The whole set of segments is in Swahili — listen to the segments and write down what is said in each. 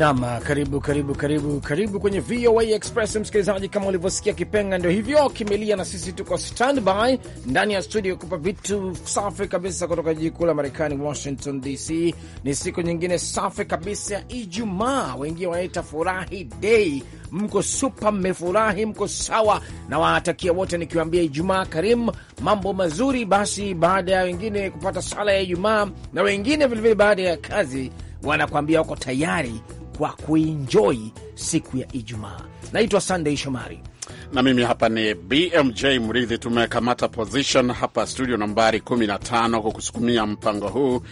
Nam, karibu karibu karibu karibu kwenye VOA Express msikilizaji, kama ulivyosikia kipenga, ndio hivyo kimelia, na sisi tuko standby ndani ya studio kupa vitu safi kabisa kutoka jiji kuu la Marekani, Washington DC. Ni siku nyingine safi kabisa ya Ijumaa, wengine wanaita furahi dei. Mko supa, mmefurahi, mko sawa, na watakia wote nikiwaambia Ijumaa karimu, mambo mazuri. Basi baada ya wengine kupata sala ya Ijumaa na wengine vilevile baada ya kazi, wanakuambia wako tayari kwa kuenjoy siku ya Ijumaa. Naitwa Sunday Shomari na mimi hapa ni BMJ Mridhi. Tumekamata position hapa studio nambari 15 kukusukumia mpango huu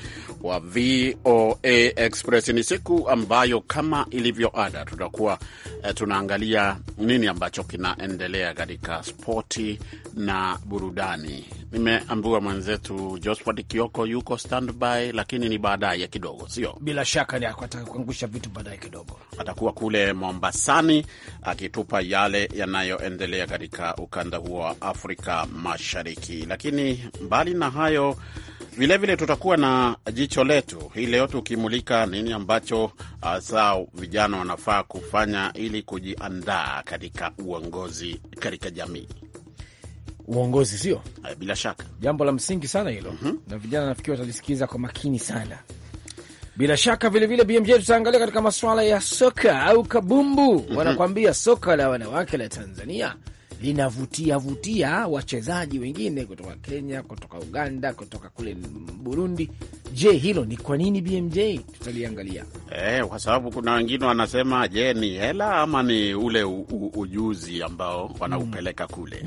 wa VOA Express. Ni siku ambayo kama ilivyo ada, tutakuwa eh, tunaangalia nini ambacho kinaendelea katika spoti na burudani. Nimeambiwa mwenzetu Josphat Kioko yuko standby, lakini ni baadaye kidogo, sio bila shaka ni atakuangusha vitu baadaye kidogo, atakuwa kule Mombasani akitupa yale yanayo yanayoendelea katika ukanda huo wa Afrika Mashariki. Lakini mbali na hayo, vilevile vile tutakuwa na jicho letu hii leo tukimulika nini ambacho hasa uh, vijana wanafaa kufanya ili kujiandaa katika uongozi katika jamii uongozi sio eh, bila shaka jambo la msingi sana hilo, mm -hmm. Na vijana nafikiri watalisikiliza kwa makini sana, bila shaka vilevile BMJ tutaangalia katika masuala ya soka au kabumbu. mm -hmm. Wanakwambia soka la wanawake la Tanzania linavutia vutia wachezaji wengine kutoka Kenya, kutoka Uganda, kutoka kule Burundi Je, hilo ni kwa nini BMJ? Tutaliangalia eh, kwa sababu kuna wengine wanasema, je, ni hela ama ni ule u, u, ujuzi ambao wanaupeleka hmm. kule?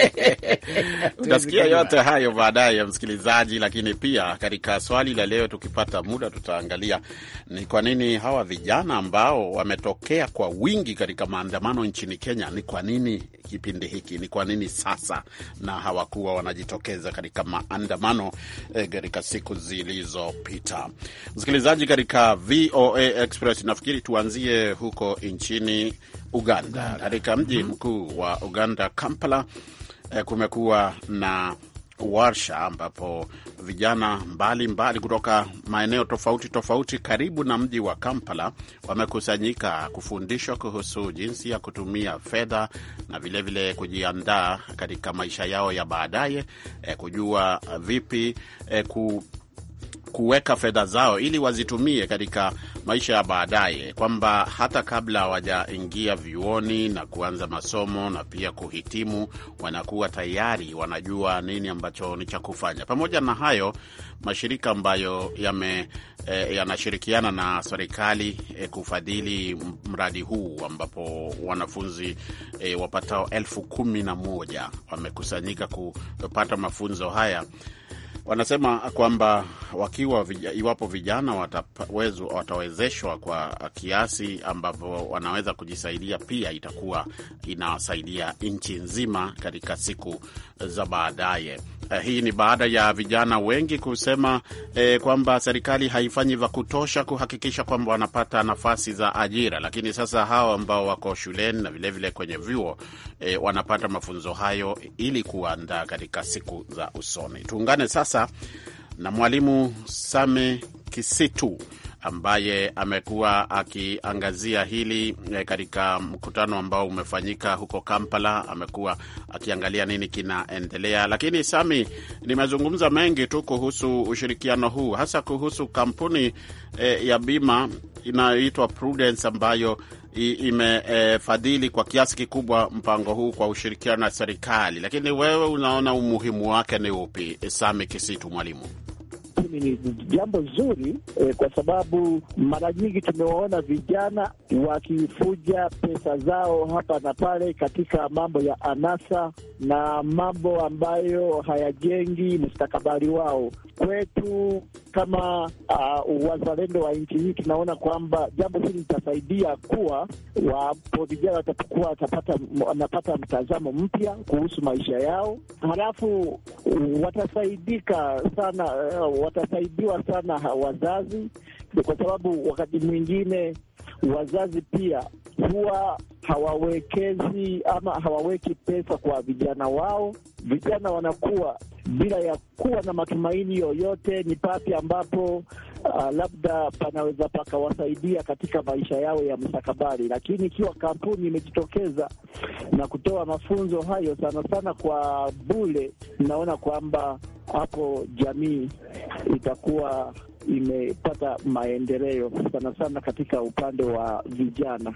Utasikia yote hayo baadaye, ya msikilizaji. Lakini pia katika swali la leo, tukipata muda, tutaangalia ni kwa nini hawa vijana ambao wametokea kwa wingi katika maandamano nchini Kenya, ni kwa nini kipindi hiki, ni kwa nini sasa na hawakuwa wanajitokeza katika maandamano eh, katika siku zilizopita. Msikilizaji, katika VOA Express nafikiri tuanzie huko nchini Uganda, katika mji mm-hmm. mkuu wa Uganda, Kampala, eh, kumekuwa na warsha ambapo vijana mbalimbali mbali kutoka maeneo tofauti tofauti karibu na mji wa Kampala wamekusanyika kufundishwa kuhusu jinsi ya kutumia fedha na vilevile vile kujiandaa katika maisha yao ya baadaye, eh, kujua vipi eh, ku kuweka fedha zao ili wazitumie katika maisha ya baadaye, kwamba hata kabla hawajaingia vyuoni na kuanza masomo na pia kuhitimu, wanakuwa tayari wanajua nini ambacho ni cha kufanya. Pamoja na hayo, mashirika ambayo yame e, yanashirikiana na serikali e, kufadhili mradi huu ambapo wanafunzi e, wapatao elfu kumi na moja wamekusanyika kupata mafunzo haya Wanasema kwamba wakiwa vija, iwapo vijana watawezu, watawezeshwa kwa kiasi ambavyo wanaweza kujisaidia, pia itakuwa inasaidia nchi nzima katika siku za baadaye. Eh, hii ni baada ya vijana wengi kusema eh, kwamba serikali haifanyi vya kutosha kuhakikisha kwamba wanapata nafasi za ajira, lakini sasa hao ambao wako shuleni na vilevile kwenye vyuo eh, wanapata mafunzo hayo ili kuandaa katika siku za usoni. Tuungane sasa sasa na mwalimu Same Kisitu ambaye amekuwa akiangazia hili eh, katika mkutano ambao umefanyika huko Kampala. Amekuwa akiangalia nini kinaendelea, lakini Sami, nimezungumza mengi tu kuhusu ushirikiano huu, hasa kuhusu kampuni eh, ya bima inayoitwa Prudence ambayo imefadhili e, kwa kiasi kikubwa mpango huu kwa ushirikiano na serikali, lakini wewe unaona umuhimu wake ni upi, Sami Kisitu Mwalimu? ni jambo zuri eh, kwa sababu mara nyingi tumewaona vijana wakifuja pesa zao hapa na pale katika mambo ya anasa na mambo ambayo hayajengi mustakabali wao. Kwetu kama uh, wazalendo wa nchi hii tunaona kwamba jambo hili litasaidia kuwa wapo vijana watapokuwa wanapata mtazamo mpya kuhusu maisha yao, halafu watasaidika sana uh, wata wanasaidiwa sana wazazi, kwa sababu wakati mwingine wazazi pia huwa hawawekezi ama hawaweki pesa kwa vijana wao. Vijana wanakuwa bila ya kuwa na matumaini yoyote. Ni papi ambapo uh, labda panaweza pakawasaidia katika maisha yao ya mstakabali. Lakini ikiwa kampuni imejitokeza na kutoa mafunzo hayo sana sana kwa bule, naona kwamba hapo jamii itakuwa imepata maendeleo sana sana katika upande wa vijana.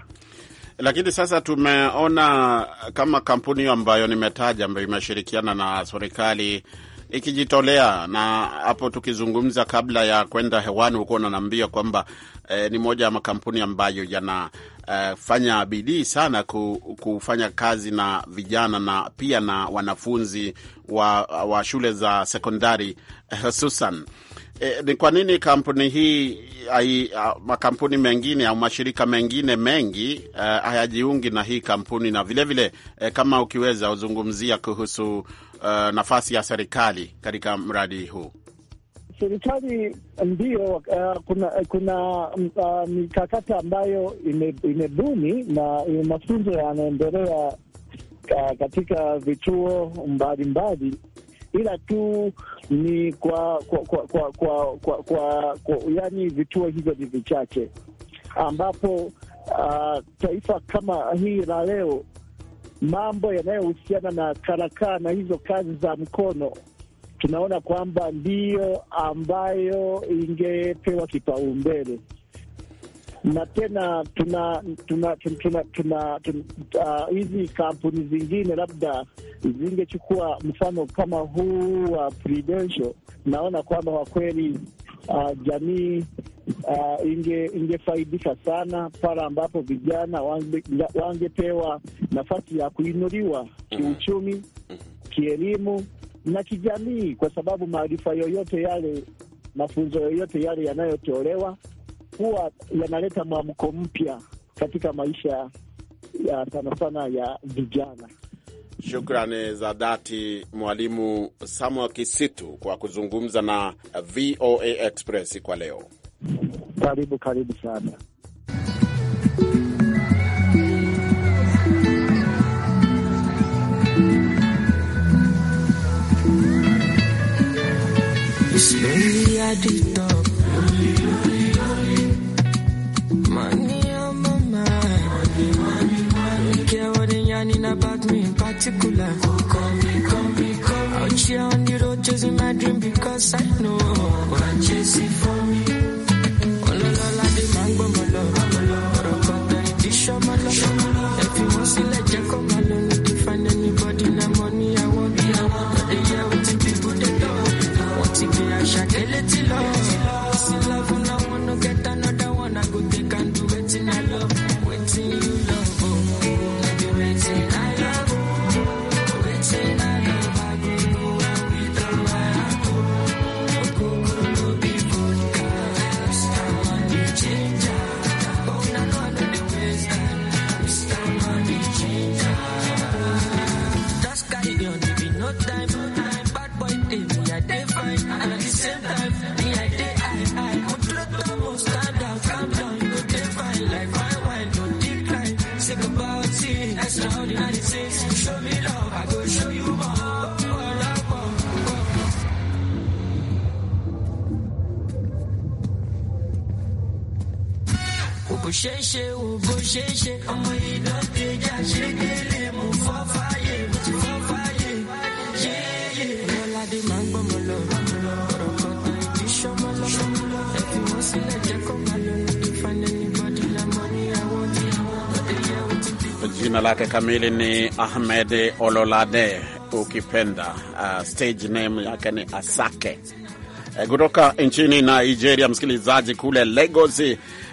Lakini sasa tumeona kama kampuni hiyo ambayo nimetaja ambayo imeshirikiana na serikali ikijitolea. Na hapo tukizungumza kabla ya kwenda hewani, huko unaniambia kwamba eh, ni moja ya makampuni ambayo yanafanya eh, bidii sana ku, kufanya kazi na vijana na pia na wanafunzi wa, wa shule za sekondari eh, hususan E, ni kwa nini kampuni hii a, makampuni mengine au mashirika mengine mengi eh, hayajiungi na hii kampuni na vilevile vile, e, kama ukiweza uzungumzia kuhusu uh, nafasi ya serikali katika mradi huu? Serikali ndiyo, uh, eh, kuna kuna uh, mikakati ambayo imebuni ime na mafunzo yanaendelea uh, katika vituo mbalimbali, ila tu ni kwa kwa kwa kwa, kwa, kwa, kwa, kwa yani vituo hivyo ni vichache ambapo uh, taifa kama hii la leo mambo yanayohusiana na karakaa na hizo kazi za mkono, tunaona kwamba ndiyo ambayo ingepewa kipaumbele na tena tuna tuna tuna tuna uh, hizi uh, kampuni zingine labda zingechukua mfano kama huu wa uh, Prudential. Naona kwamba kwa kweli uh, jamii uh, inge, ingefaidika sana pale ambapo vijana wangepewa wange nafasi ya kuinuliwa mhm. kiuchumi, mhm. kielimu na kijamii, kwa sababu maarifa yoyote yale, mafunzo yoyote yale yanayotolewa huwa yanaleta mwamko mpya katika maisha ya sana sana ya vijana. Shukrani za dhati Mwalimu Samuel Kisitu kwa kuzungumza na VOA Express kwa leo. Karibu, karibu sana. killer. Oh, call me, call me, call on the road chasing my dream because I know. Oh, and chase for me. Oh, la, la, la, If you want to let you come. lake kamili ni Ahmed Ololade, ukipenda uh, stage name yake ni Asake uh, kutoka nchini Nigeria. Msikilizaji kule Lagos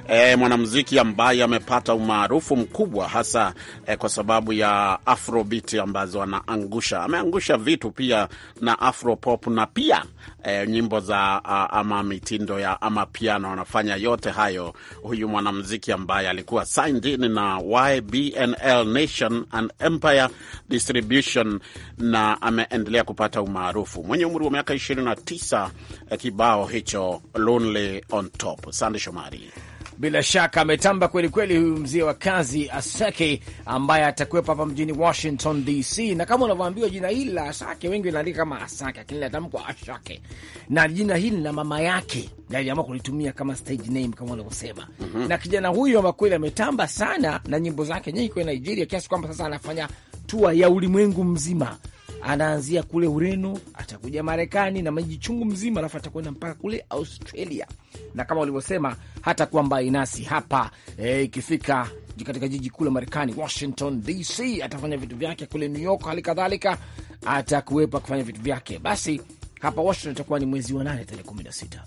e, mwanamuziki ambaye amepata umaarufu mkubwa hasa e, kwa sababu ya afrobeat ambazo anaangusha. Ameangusha vitu pia na afropop na pia e, nyimbo za a, ama mitindo ya ama piano, anafanya yote hayo huyu mwanamuziki ambaye alikuwa signed in na YBNL Nation and Empire Distribution na ameendelea kupata umaarufu, mwenye umri wa miaka 29, e, kibao hicho Lonely on Top. Sande Shomari. Bila shaka ametamba kweli kweli huyu mzee wa kazi Asake ambaye atakuwepo hapa mjini Washington DC, na kama unavyoambiwa jina hili la Asake wengi wanaandika kama Asake, lakini linatamkwa Ashake, na jina hili na mama yake aliamua yaani kulitumia kama stage name kama unavyosema. mm -hmm. Na kijana huyu ama kweli ametamba sana na nyimbo zake nyingi kwenye Nigeria, kiasi kwamba sasa anafanya tua ya ulimwengu mzima anaanzia kule Ureno, atakuja Marekani na maji chungu mzima, alafu atakwenda mpaka kule Australia, na kama ulivyosema hata kwamba inasi hapa eh, ikifika e, katika jiji kuu la Marekani, Washington DC, atafanya vitu vyake kule New York, hali kadhalika atakuwepo kufanya vitu vyake. Basi hapa Washington itakuwa ni mwezi wa nane tarehe kumi na sita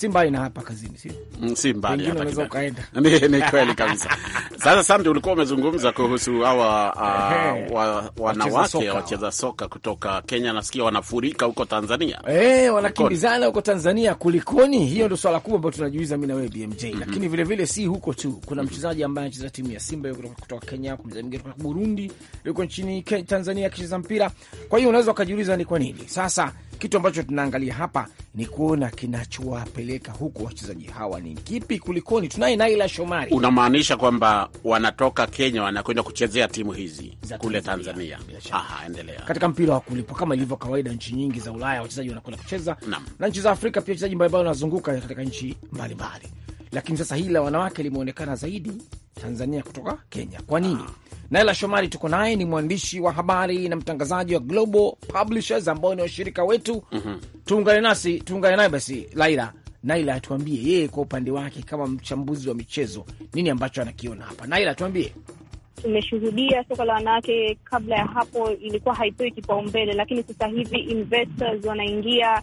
si mbali na hapa kazini, sio mm, si mbali hapa, unaweza ukaenda. Ni kweli kabisa. Sasa Sandi, ulikuwa umezungumza kuhusu hawa uh, wa, wanawake wacheza soka kutoka Kenya, nasikia wanafurika huko Tanzania. Eh, wanakimbizana huko Tanzania, kulikoni? Hiyo mm. ndio swala kubwa ambayo tunajiuliza mimi na wewe BMJ. mm -hmm. Lakini vile vile si huko tu, kuna mm-hmm. mchezaji ambaye anacheza timu ya Simba kutoka Kenya, mchezaji mwingine kutoka Burundi yuko nchini Tanzania akicheza mpira. Kwa hiyo unaweza ukajiuliza ni kwa nini sasa kitu ambacho tunaangalia hapa ni kuona kinachowapeleka huku wachezaji hawa ni kipi, kulikoni. Tunaye Naila Shomari. Unamaanisha kwamba wanatoka Kenya wanakwenda kuchezea timu hizi kule Tanzania? Aha, endelea. Katika mpira wa kulipwa kama ilivyo kawaida, nchi nyingi za Ulaya wachezaji wanakwenda kucheza na, na nchi za Afrika pia wachezaji mbalimbali wanazunguka katika nchi mbalimbali lakini sasa hili la wanawake limeonekana zaidi Tanzania kutoka Kenya. Kwa nini? Naila Shomari tuko naye, ni mwandishi wa habari na mtangazaji wa Global Publishers ambao ni washirika wetu. mm -hmm. Tuungane nasi, tuungane naye basi. Laila, Naila atuambie yeye kwa upande wake kama mchambuzi wa michezo nini ambacho anakiona hapa. Naila, tuambie Tumeshuhudia soko la wanawake, kabla ya hapo ilikuwa haipewi kipaumbele, lakini sasa hivi investors wanaingia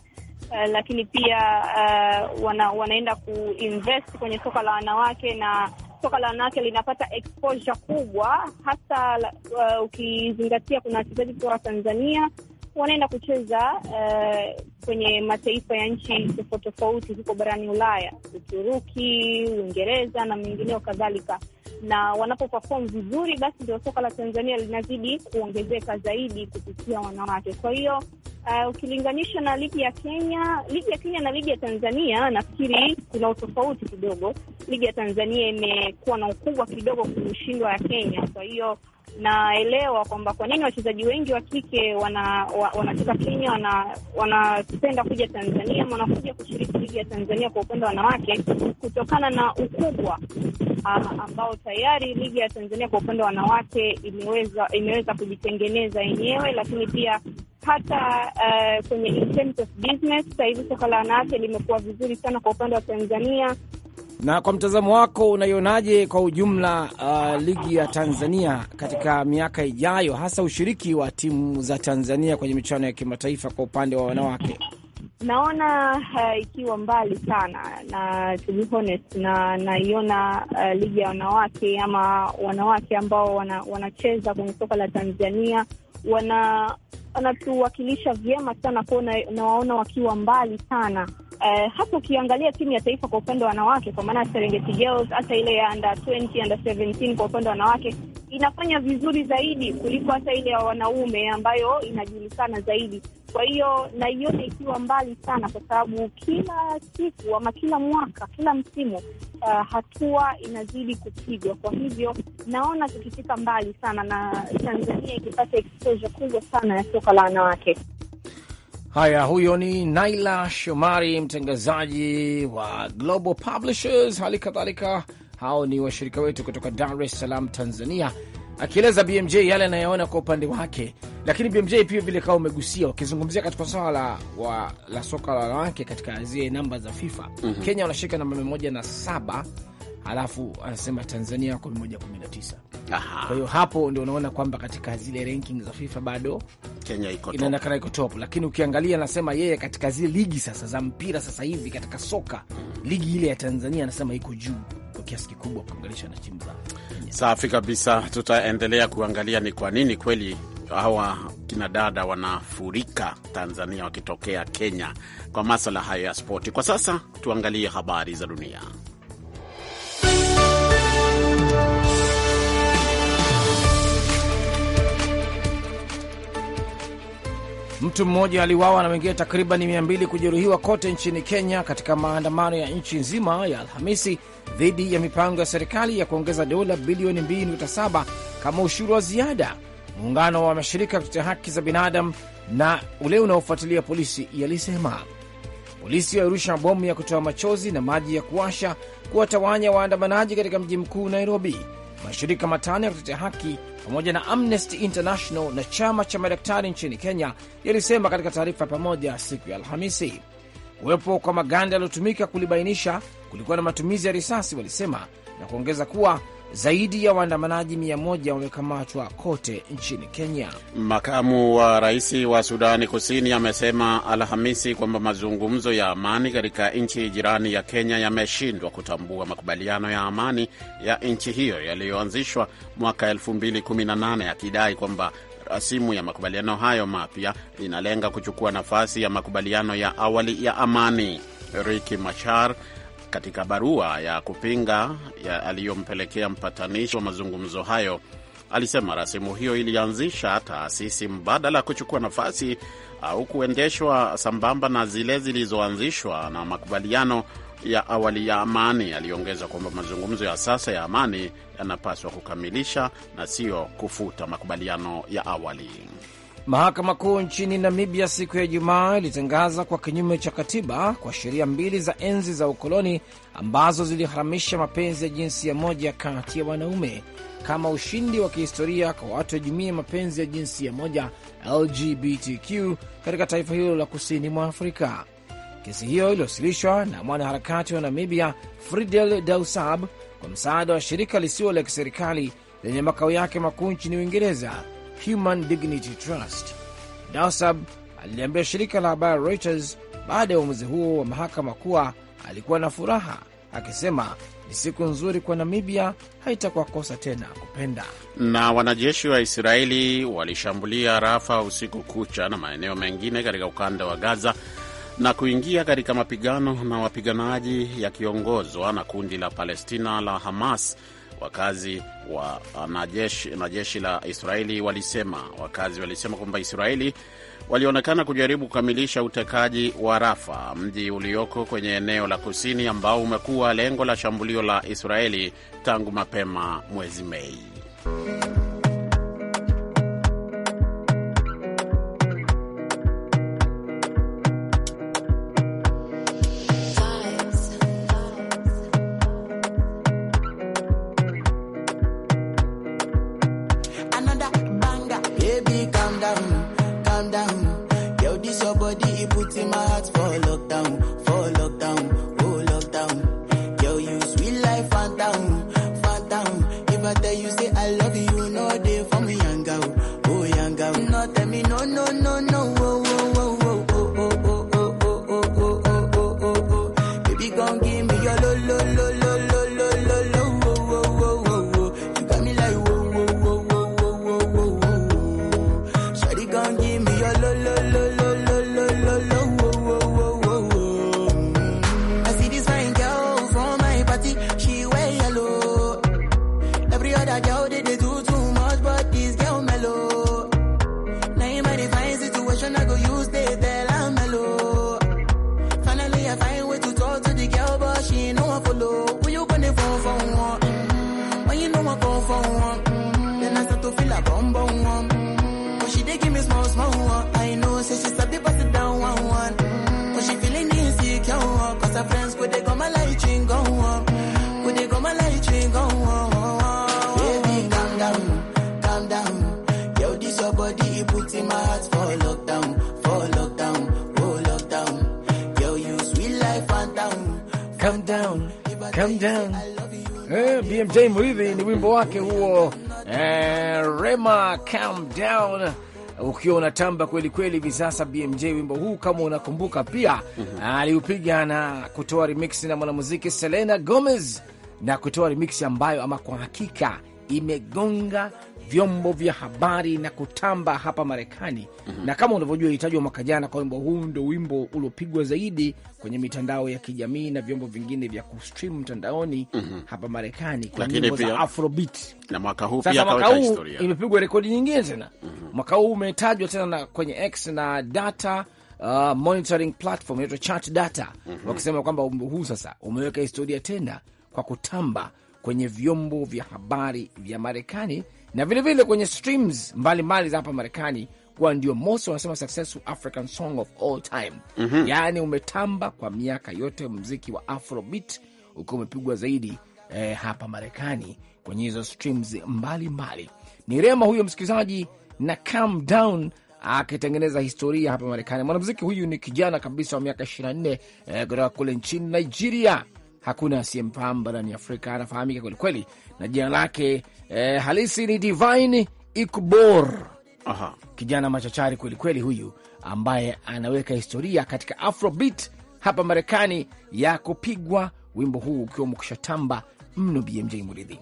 uh, lakini pia uh, wana, wanaenda kuinvest kwenye soka la wanawake na soka la wanawake linapata exposure kubwa hasa uh, ukizingatia kuna wachezaji kutoka wa Tanzania wanaenda kucheza uh, kwenye mataifa ya nchi tofauti tofauti huko barani Ulaya, Uturuki, Uingereza na mengineo kadhalika, na wanapoperform vizuri, basi ndio soka la Tanzania linazidi kuongezeka zaidi kupitia wanawake. Kwa hiyo Uh, ukilinganisha na ligi ya Kenya, ligi ya Kenya na ligi ya Tanzania, nafikiri kuna utofauti kidogo. Ligi ya Tanzania imekuwa na ukubwa kidogo kushindwa ya Kenya, kwa hiyo naelewa kwamba kwa nini wachezaji wengi wa kike wanatoka wana Kenya wanapenda wana kuja Tanzania, wanakuja kushiriki ligi ya Tanzania kwa upande wa wanawake kutokana na ukubwa ah, ambao tayari ligi ya Tanzania kwa upande wa wanawake imeweza imeweza kujitengeneza yenyewe, lakini pia hata uh, kwenye in terms of business sasa hivi soka la wanawake limekuwa vizuri sana kwa upande wa Tanzania na kwa mtazamo wako unaionaje kwa ujumla uh, ligi ya Tanzania katika miaka ijayo, hasa ushiriki wa timu za Tanzania kwenye michuano ya kimataifa kwa upande wa wanawake? Naona uh, ikiwa mbali sana na to be honest, na naiona uh, ligi ya wanawake ama wanawake ambao wana, wanacheza kwenye soka la Tanzania wana wanatuwakilisha vyema sana kwao, nawaona wakiwa mbali sana Uh, eh, hata ukiangalia timu ya taifa kwa upande wa wanawake, kwa maana Serengeti Girls, hata ile ya under 20 under 17 kwa upande wa wanawake inafanya vizuri zaidi kuliko hata ile ya wanaume ambayo inajulikana zaidi. Kwa hiyo naiona ikiwa mbali sana, kwa sababu kila siku ama kila mwaka, kila msimu uh, hatua inazidi kupigwa. Kwa hivyo naona tukifika mbali sana, na Tanzania ikipata exposure kubwa sana ya soka la wanawake. Haya, huyo ni Naila Shomari, mtangazaji wa Global Publishers. Hali kadhalika hao ni washirika wetu kutoka Dar es Salaam, Tanzania, akieleza BMJ yale anayoona kwa upande wake. Lakini BMJ pia vile kawa umegusia wakizungumzia katika swala la, wa, la soka la wanawake katika zile namba za FIFA mm -hmm. Kenya wanashika namba mia moja na saba alafu anasema Tanzania wako mia moja kumi na tisa Aha. Kwa hiyo hapo ndio unaona kwamba katika zile ranking za FIFA bado Kenya iko top, inaonekana iko top, lakini ukiangalia, anasema yeye katika zile ligi sasa za mpira sasa hivi katika soka mm. ligi ile ya Tanzania anasema iko juu kwa kiasi kikubwa kuangalisha na timu za safi kabisa. Tutaendelea kuangalia ni kwa nini kweli hawa kina dada wanafurika Tanzania wakitokea Kenya kwa masala hayo ya spoti. Kwa sasa tuangalie habari za dunia. Mtu mmoja aliwawa na wengine takriban mia kujeruhiwa kote nchini Kenya katika maandamano ya nchi nzima ya Alhamisi dhidi ya mipango ya serikali ya kuongeza dola bilioni 2.7 kama ushuru wa ziada. Muungano wa mashirika kutetea haki za binadamu na ule unaofuatilia polisi yalisema polisi walirusha mabomu ya kutoa machozi na maji ya kuwasha kuwatawanya waandamanaji katika mji mkuu Nairobi. Mashirika matano ya kutetea haki pamoja na Amnesty International na chama cha madaktari nchini Kenya yalisema katika taarifa pamoja siku ya Alhamisi. Kuwepo kwa maganda yaliyotumika kulibainisha kulikuwa na matumizi ya risasi, walisema na kuongeza kuwa zaidi ya waandamanaji mia moja wamekamatwa kote nchini Kenya. Makamu wa rais wa Sudani Kusini amesema Alhamisi kwamba mazungumzo ya amani katika nchi jirani ya Kenya yameshindwa kutambua makubaliano ya amani ya nchi hiyo yaliyoanzishwa mwaka 2018 akidai kwamba rasimu ya makubaliano hayo mapya inalenga kuchukua nafasi ya makubaliano ya awali ya amani. riki Machar katika barua ya kupinga aliyompelekea mpatanishi wa mazungumzo hayo alisema rasimu hiyo ilianzisha taasisi mbadala kuchukua nafasi au kuendeshwa sambamba na zile zilizoanzishwa na makubaliano ya awali ya amani. Aliongeza kwamba mazungumzo ya sasa ya amani yanapaswa kukamilisha na sio kufuta makubaliano ya awali. Mahakama Kuu nchini Namibia siku ya Ijumaa ilitangaza kwa kinyume cha katiba kwa sheria mbili za enzi za ukoloni ambazo ziliharamisha mapenzi ya jinsia moja kati ya wanaume kama ushindi wa kihistoria kwa watu wa jumuiya ya mapenzi ya jinsia moja LGBTQ katika taifa hilo la kusini mwa Afrika. Kesi hiyo iliwasilishwa na mwanaharakati wa Namibia Fridel Dausab kwa msaada wa shirika lisilo la kiserikali lenye makao yake makuu nchini Uingereza Human Dignity Trust. Dasab aliliambia shirika la habari Reuters baada ya uamuzi huo wa mahakama kuwa alikuwa na furaha akisema ni siku nzuri kwa Namibia, haitakuwa kosa tena kupenda. Na wanajeshi wa Israeli walishambulia Rafa usiku kucha na maeneo mengine katika ukanda wa Gaza na kuingia katika mapigano na wapiganaji yakiongozwa na kundi la Palestina la Hamas wakazi wa uh, na jeshi la Israeli walisema wakazi walisema kwamba Israeli walionekana kujaribu kukamilisha utekaji wa Rafa, mji ulioko kwenye eneo la kusini, ambao umekuwa lengo la shambulio la Israeli tangu mapema mwezi Mei. pity my heart for lockdown. follow. Who you gonna phone one? When you know I go for Calm down. Eh, BMJ muridhi ni wimbo wake huo, eh, Rema calm down ukiwa unatamba kweli kweli hivi sasa. BMJ wimbo huu kama unakumbuka pia mm -hmm. aliupiga na kutoa remix na mwanamuziki Selena Gomez na kutoa remix ambayo ama kwa hakika imegonga vyombo vya habari na kutamba hapa Marekani. mm -hmm. Na kama unavyojua ilitajwa mwaka jana kwa wimbo huu ndo wimbo uliopigwa zaidi kwenye mitandao ya kijamii na vyombo vingine vya kustream mtandaoni mm -hmm. hapa Marekani kwa nyimbo za Afrobeat. Na mwaka huu pia mwaka historia, imepigwa rekodi nyingine tena mm -hmm. mwaka huu umetajwa tena na kwenye X na data Uh, monitoring platform inaitwa chart data mm -hmm. wakisema kwamba wimbo huu sasa umeweka historia tena kwa kutamba kwenye vyombo vya habari vya Marekani na vilevile vile kwenye streams mbalimbali za hapa Marekani kuwa ndio Mosi wanasema successful African song of all time mm -hmm. Yaani umetamba kwa miaka yote mziki wa Afrobeat ukiwa umepigwa zaidi eh, hapa Marekani kwenye hizo streams mbalimbali mbali. Ni Rema huyo msikilizaji na Calm Down akitengeneza historia hapa Marekani. Mwanamziki huyu ni kijana kabisa wa miaka 24 eh, kutoka eh, kule nchini Nigeria hakuna asiyemfahamu barani Afrika. Anafahamika kwelikweli na jina lake eh, halisi ni Divine Ikbor. Aha. Kijana machachari kwelikweli huyu ambaye anaweka historia katika Afrobeat hapa Marekani ya kupigwa wimbo huu ukiwa mkushatamba mno. BMJ Muridhi.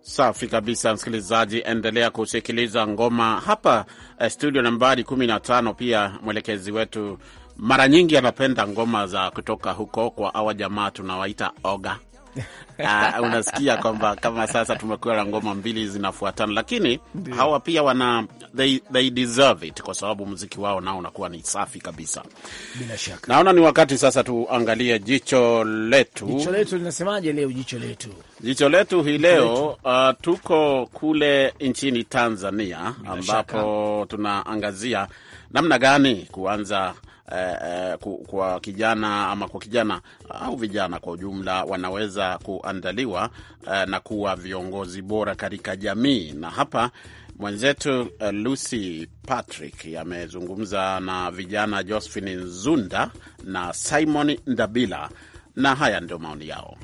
Safi kabisa, msikilizaji, endelea kusikiliza ngoma hapa eh, studio nambari 15. Pia mwelekezi wetu mara nyingi anapenda ngoma za kutoka huko kwa awa jamaa tunawaita oga. Uh, unasikia kwamba kama sasa tumekuwa na ngoma mbili zinafuatana, lakini Ndiyo. hawa pia wana they, they deserve it kwa sababu muziki wao nao unakuwa ni safi kabisa. Bila shaka, naona ni wakati sasa tuangalie jicho letu. Jicho letu linasemaje leo? Jicho letu, jicho letu hii leo uh, tuko kule nchini Tanzania Bila ambapo shaka. tunaangazia namna gani kuanza eh, eh kwa kijana ama kwa kijana au vijana kwa ujumla wanaweza kuandaliwa eh, na kuwa viongozi bora katika jamii. Na hapa mwenzetu eh, Lucy Patrick amezungumza na vijana Josephine Nzunda na Simon Ndabila, na haya ndio maoni yao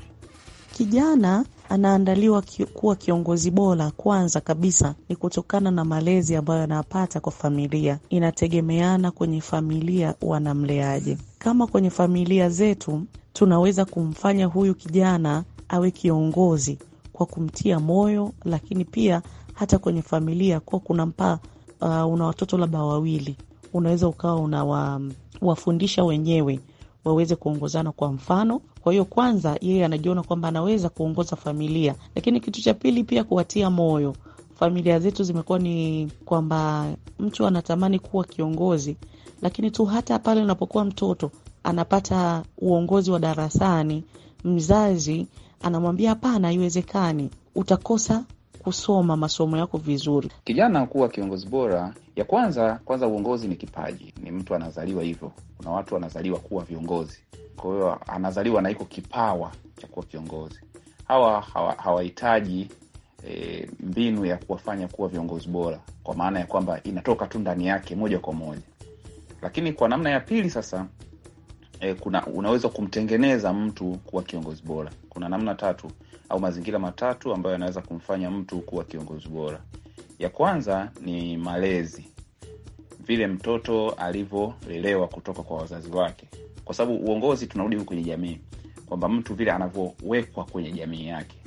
kijana anaandaliwa kuwa kiongozi bora, kwanza kabisa ni kutokana na malezi ambayo anapata kwa familia. Inategemeana kwenye familia wanamleaje. Kama kwenye familia zetu tunaweza kumfanya huyu kijana awe kiongozi kwa kumtia moyo, lakini pia hata kwenye familia kuwa kunampa uh, una watoto labda wawili, unaweza ukawa unawafundisha wenyewe waweze kuongozana kwa mfano kwa hiyo kwanza, yeye anajiona kwamba anaweza kuongoza familia, lakini kitu cha pili pia kuwatia moyo. Familia zetu zimekuwa ni kwamba mtu anatamani kuwa kiongozi, lakini tu hata pale unapokuwa mtoto anapata uongozi wa darasani, mzazi anamwambia hapana, haiwezekani, utakosa kusoma masomo yako vizuri. Kijana kuwa kiongozi bora ya kwanza kwanza, uongozi ni kipaji, ni mtu anazaliwa hivyo. Kuna watu wanazaliwa kuwa viongozi, kwa hiyo anazaliwa na iko kipawa cha kuwa kiongozi. Hawa hawahitaji e, mbinu ya kuwafanya kuwa viongozi bora, kwa maana ya kwamba inatoka tu ndani yake moja kwa moja. Lakini kwa namna ya pili sasa e, kuna unaweza kumtengeneza mtu kuwa kiongozi bora. Kuna namna tatu au mazingira matatu ambayo yanaweza kumfanya mtu kuwa kiongozi bora. Ya kwanza ni malezi, vile mtoto alivyolelewa kutoka kwa wazazi wake, kwa sababu uongozi, tunarudi kwenye jamii, kwamba mtu vile anavyowekwa kwenye jamii yake.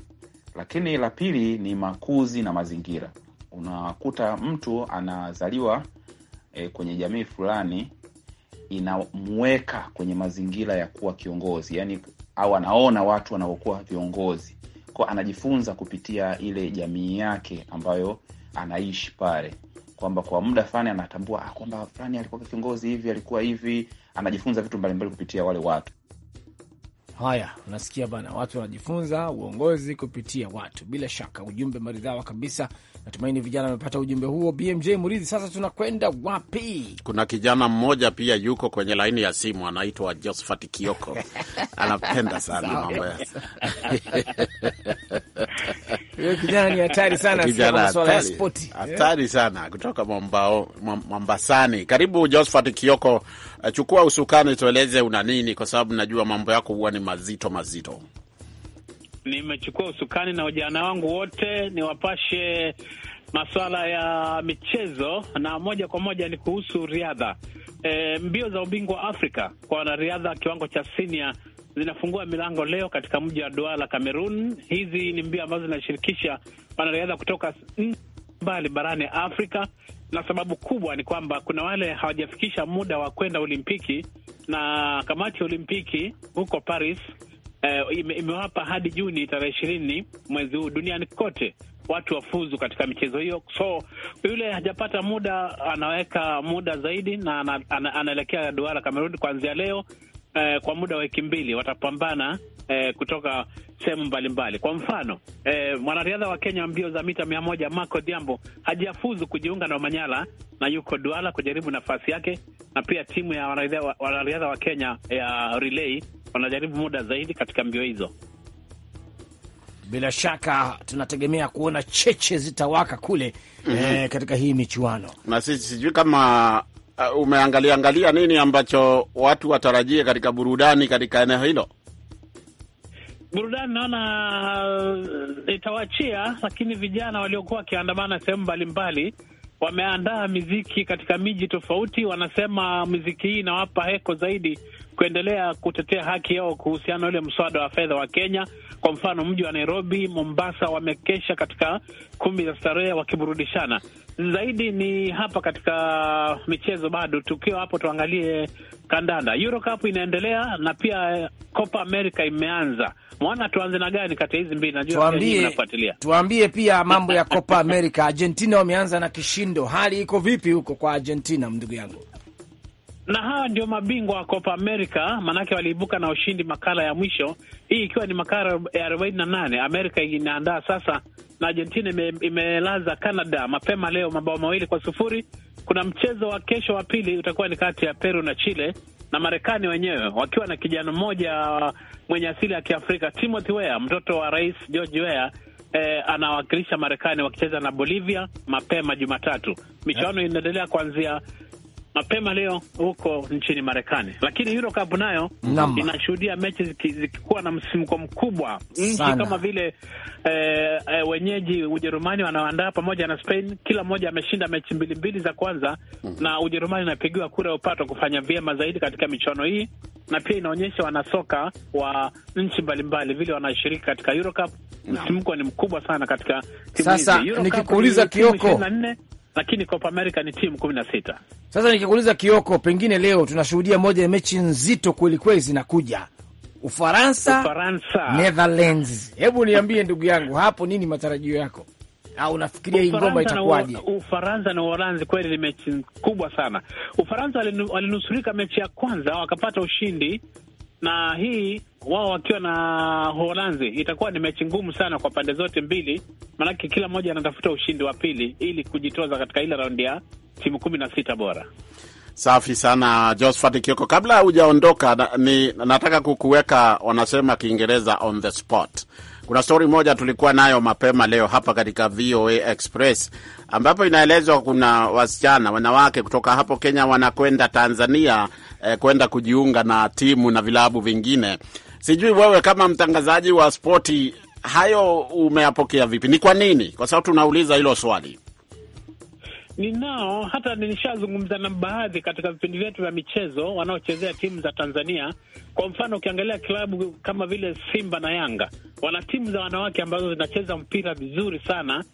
Lakini la pili ni makuzi na mazingira. Unakuta mtu anazaliwa e, kwenye jamii fulani inamweka kwenye mazingira ya kuwa kiongozi, yani au anaona watu wanaokuwa viongozi, kwao, anajifunza kupitia ile jamii yake ambayo anaishi pale, kwamba kwa muda fulani anatambua ah, kwamba fulani alikuwa kiongozi hivi, alikuwa hivi, anajifunza vitu mbalimbali kupitia wale watu. Haya, unasikia bana, watu wanajifunza uongozi kupitia watu. Bila shaka ujumbe maridhawa kabisa. Natumaini vijana wamepata ujumbe huo. BMJ Muridhi, sasa tunakwenda wapi? Kuna kijana mmoja pia yuko kwenye laini ya simu, anaitwa Josephat Kioko, anapenda sana mambo ya kijana ni hatari sana, masuala ya spoti hatari sana. Kutoka Mombao, Mombasani, karibu Josphat Kioko. Eh, chukua usukani, tueleze una nini, kwa sababu najua mambo yako huwa ni mazito mazito. Nimechukua usukani na ujana wangu wote niwapashe masuala ya michezo na moja kwa moja ni kuhusu riadha. E, mbio za ubingwa wa Afrika kwa wanariadha kiwango cha senior zinafungua milango leo katika mji wa Douala, Cameroon. Hizi ni mbio ambazo zinashirikisha wanariadha kutoka mbali barani Afrika, na sababu kubwa ni kwamba kuna wale hawajafikisha muda wa kwenda Olimpiki, na kamati ya Olimpiki huko Paris eh, imewapa hadi Juni tarehe ishirini mwezi huu duniani kote watu wafuzu katika michezo hiyo. So yule hajapata muda anaweka muda zaidi na anaelekea ana, ana, Duara Kamerun kuanzia leo eh, kwa muda wa wiki mbili watapambana eh, kutoka sehemu mbalimbali. Kwa mfano eh, mwanariadha wa Kenya wa mbio za mita mia moja Marco Diambo hajafuzu kujiunga na Manyala na yuko Duala kujaribu nafasi yake, na pia timu ya wanariadha wa Kenya ya relay wanajaribu muda zaidi katika mbio hizo. Bila shaka tunategemea kuona cheche zitawaka kule mm -hmm. E, katika hii michuano na sisi sijui kama uh, umeangalia angalia nini ambacho watu watarajie katika burudani katika eneo hilo? Burudani naona uh, itawachia, lakini vijana waliokuwa wakiandamana sehemu mbalimbali wameandaa miziki katika miji tofauti. Wanasema miziki hii inawapa heko zaidi kuendelea kutetea haki yao kuhusiana na ule mswada wa fedha wa Kenya. Kwa mfano, mji wa Nairobi, Mombasa wamekesha katika kumbi za starehe wakiburudishana. Zaidi ni hapa katika michezo, bado tukiwa hapo, tuangalie kandanda. Euro Cup inaendelea na pia Copa America imeanza. Mwana, tuanze na gani kati ya hizi mbili? Najua tuambie, tuambie pia mambo ya Copa America. Argentina wameanza na kishindo, hali iko vipi huko kwa Argentina, ndugu yangu? na hawa ndio mabingwa wa Copa America, maanake waliibuka na ushindi makala ya mwisho, hii ikiwa ni makala ya arobaini na nane. Amerika inaandaa sasa, na Argentina ime, imelaza Canada mapema leo mabao mawili kwa sufuri. Kuna mchezo wa kesho wa pili utakuwa ni kati ya Peru na Chile, na Marekani wenyewe wakiwa na kijana mmoja mwenye asili ya Kiafrika, Timothy Weah, mtoto wa Rais George Weah. Eh, anawakilisha Marekani wakicheza na Bolivia mapema Jumatatu. Michuano eh. inaendelea kuanzia mapema leo huko nchini Marekani, lakini Euro nayo inashuhudia mechi zikikuwa na msimko mkubwa. Nchi kama vile e, e, wenyeji Ujerumani wanaoandaa pamoja na Spain, kila mmoja ameshinda mechi mbili mbili za kwanza mm -hmm. na Ujerumani inapigiwa kura ya upato kufanya vyema zaidi katika michuano hii, na pia inaonyesha wanasoka wa nchi mbalimbali vile wanashiriki katika Euro Msimko ni mkubwa sana katika timu hizi. Sasa nikikuuliza Kioko lakini Copa America ni timu kumi na sita. Sasa nikikuuliza Kioko, pengine leo tunashuhudia moja ya mechi nzito kwelikweli zinakuja Ufaransa, Ufaransa, Netherlands. Hebu niambie ndugu yangu hapo, nini matarajio yako au unafikiria hii ngoma itakuwaje? Ufaransa na Uholanzi kweli ni mechi kubwa sana. Ufaransa walinusurika mechi ya kwanza wakapata ushindi na hii wao wakiwa na Holanzi itakuwa ni mechi ngumu sana kwa pande zote mbili, maanake kila mmoja anatafuta ushindi wa pili ili kujitoza katika ile raundi ya timu kumi na sita bora. Safi sana Josphat Kioko, kabla hujaondoka na, ni nataka kukuweka, wanasema Kiingereza on the spot. Kuna stori moja tulikuwa nayo mapema leo hapa katika VOA Express ambapo inaelezwa kuna wasichana wanawake kutoka hapo Kenya wanakwenda Tanzania eh, kwenda kujiunga na timu na vilabu vingine. Sijui wewe kama mtangazaji wa spoti, hayo umeyapokea vipi? Ni kwa nini? Kwa sababu tunauliza hilo swali. Ninao hata nilishazungumza na baadhi katika vipindi vyetu vya michezo wanaochezea timu za Tanzania. Kwa mfano, ukiangalia klabu kama vile Simba na Yanga wana timu za wanawake ambazo zinacheza mpira vizuri sana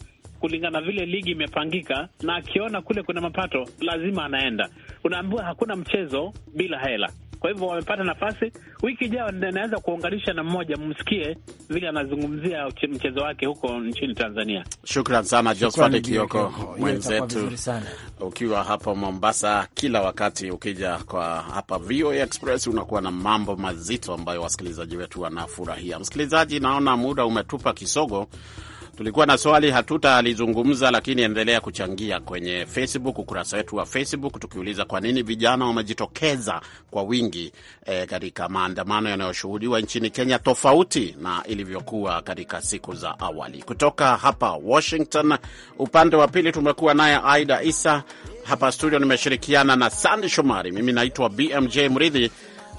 kulingana vile ligi imepangika, na akiona kule kuna mapato lazima anaenda. Unaambiwa hakuna mchezo bila hela. Kwa hivyo wamepata nafasi, wiki ijayo anaweza kuunganisha na mmoja, msikie vile anazungumzia mchezo wake huko nchini Tanzania. Shukran sana Josphat Kioko mwenzetu, ukiwa hapa Mombasa. Kila wakati ukija kwa hapa VOA Express unakuwa na mambo mazito ambayo wasikilizaji wetu wanafurahia. Msikilizaji, naona muda umetupa kisogo. Tulikuwa na swali hatutalizungumza, lakini endelea kuchangia kwenye Facebook, ukurasa wetu wa Facebook, tukiuliza kwa nini vijana wamejitokeza kwa wingi e, katika maandamano yanayoshuhudiwa nchini Kenya, tofauti na ilivyokuwa katika siku za awali. Kutoka hapa Washington, upande wa pili tumekuwa naye Aida Isa hapa studio, nimeshirikiana na Sandi Shomari. Mimi naitwa BMJ Mridhi,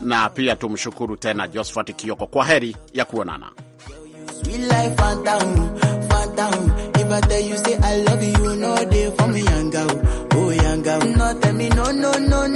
na pia tumshukuru tena Josphat Kioko. Kwa heri ya kuonana. down. If I tell you say I love you, no day for me, young girl. Oh, young girl. No, tell me no, no, no, no.